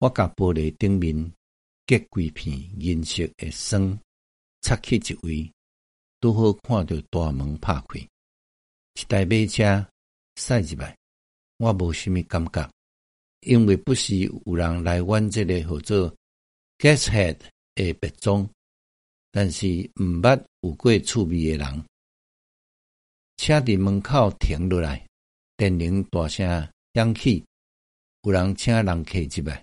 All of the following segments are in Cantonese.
我甲玻璃頂面隔幾片銀色嘅霜擦去一位，都好看到大門拍開，一台馬車駛入來。我無蝦米感覺，因為不時有人來阮這裏號做 Gateshead 嘅別莊，但是毋捌有過趣味嘅人。車佇門口停落來，電鈴大聲響起，有人請人客入來。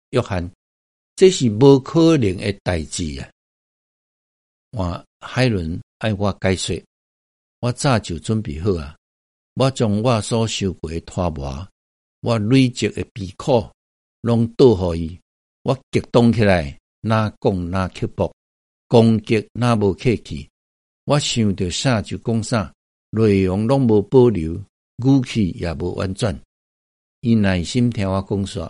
約翰，這是冇可能嘅代志啊！我海倫，要我解說，我早就準備好啊。我將我所受過的拖磨，我累積嘅鼻孔，攏倒互伊。我激動起來，若講若刻薄，攻擊若無客氣。我想到啥就講啥，內容攏無保留，語氣也無婉轉。伊耐心聽我講說。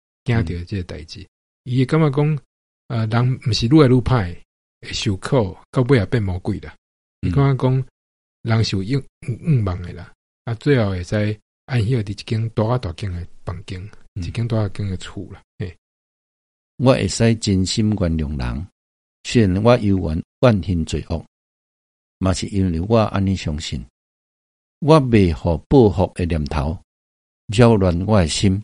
驚着即個代志，伊感、嗯、覺講，啊、呃，人毋是愈來愈歹，會受苦，到尾也變魔鬼啦。伊感、嗯、覺講，人是有欲望誒啦，啊，最後會使安尼佇一間大啊大間誒房間，嗯、一間大啊間誒厝啦。誒，我會使真心原諒人，雖然我猶原怨恨罪惡，嘛是因為我安尼相信，我未互報復嘅念頭擾亂我誒心。